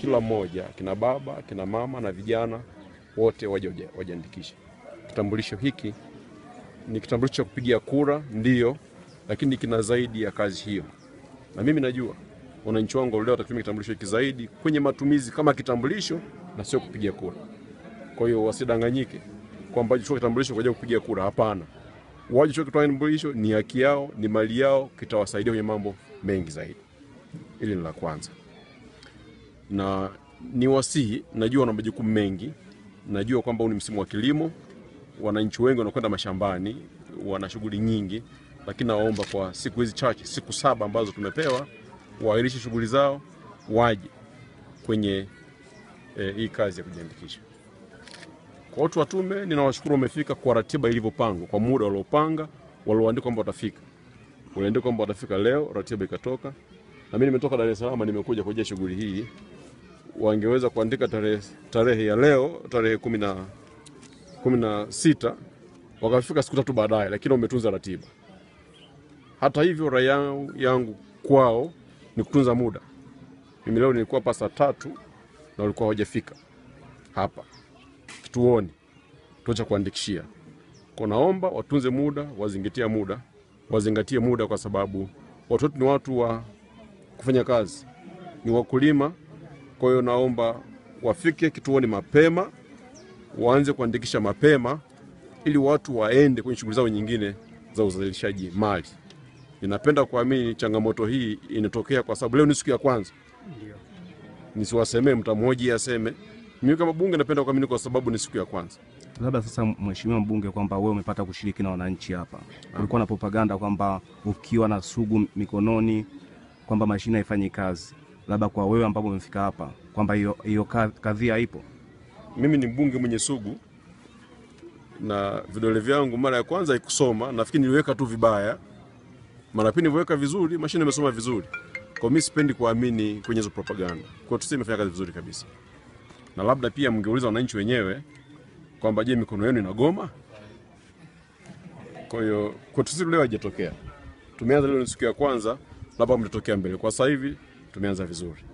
kila mmoja, kina baba, kina mama na vijana wote waje wajiandikishe. Kitambulisho hiki ni kitambulisho cha kupigia kura, ndio lakini kina zaidi ya kazi hiyo, na mimi najua wananchi wangu leo watakitumia kitambulisho hiki zaidi kwenye matumizi kama kitambulisho na sio kupigia kura. Kwa hiyo wasidanganyike kwamba chukua kitambulisho kwa ajili kupigia kura, hapana. Waje chukua kitambulisho ni haki yao, ni mali yao, kitawasaidia kwenye mambo mengi zaidi. Hili ni la kwanza na ni wasihi, najua wana majukumu mengi, najua kwamba huu ni msimu wa kilimo, wananchi wengi wanakwenda mashambani, wana shughuli nyingi, lakini nawaomba kwa siku hizi chache, siku saba ambazo tumepewa, waahirishe shughuli zao, waje kwenye e, hii kazi ya kujiandikisha. Kwa watu wa tume, ninawashukuru wamefika kwa ratiba ilivyopangwa, kwa muda waliopanga, walioandika kwamba watafika, waliandika kwamba watafika leo, ratiba ikatoka, na mimi nimetoka Dar es Salaam, nimekuja kujia shughuli hii wangeweza kuandika tarehe, tarehe ya leo tarehe kumi na kumi na sita wakafika siku tatu baadaye, lakini wametunza ratiba. Hata hivyo, raia yangu kwao ni kutunza muda. Mimi leo nilikuwa hapa saa tatu na walikuwa hawajafika hapa kituoni, tuacha kuandikishia. Kwa naomba watunze muda, wazingatie muda, wazingatie muda, kwa sababu watoto ni watu wa kufanya kazi, ni wakulima. Kwa hiyo naomba wafike kituoni mapema, waanze kuandikisha mapema ili watu waende kwenye shughuli zao nyingine za uzalishaji mali. Ninapenda kuamini changamoto hii inatokea kwa sababu leo ni siku ya kwanza. Nisiwasemee, mtamhoji aseme. Mimi kama bunge napenda kuamini kwa sababu ni siku ya kwanza. Labda sasa, mheshimiwa mbunge, kwamba wewe umepata kushiriki na wananchi hapa, ulikuwa na propaganda kwamba ukiwa na sugu mikononi kwamba mashine haifanyi kazi labda kwa wewe ambapo umefika hapa kwamba hiyo kadhia ipo? Mimi ni mbunge mwenye sugu na vidole vyangu mara ya kwanza ikusoma, nafikiri niliweka tu vibaya. Mara pili niliweka vizuri, mashine imesoma vizuri. Kwa mimi sipendi kuamini kwenye hizo propaganda. Kwa hiyo imefanya kazi vizuri kabisa, na labda pia mngeuliza wananchi wenyewe kwamba je, mikono yenu inagoma? Kwa hiyo kwa tusi leo haijatokea. Tumeanza leo, ni siku ya kwanza, labda mtatokea mbele. Kwa sasa hivi Tu menos avisou.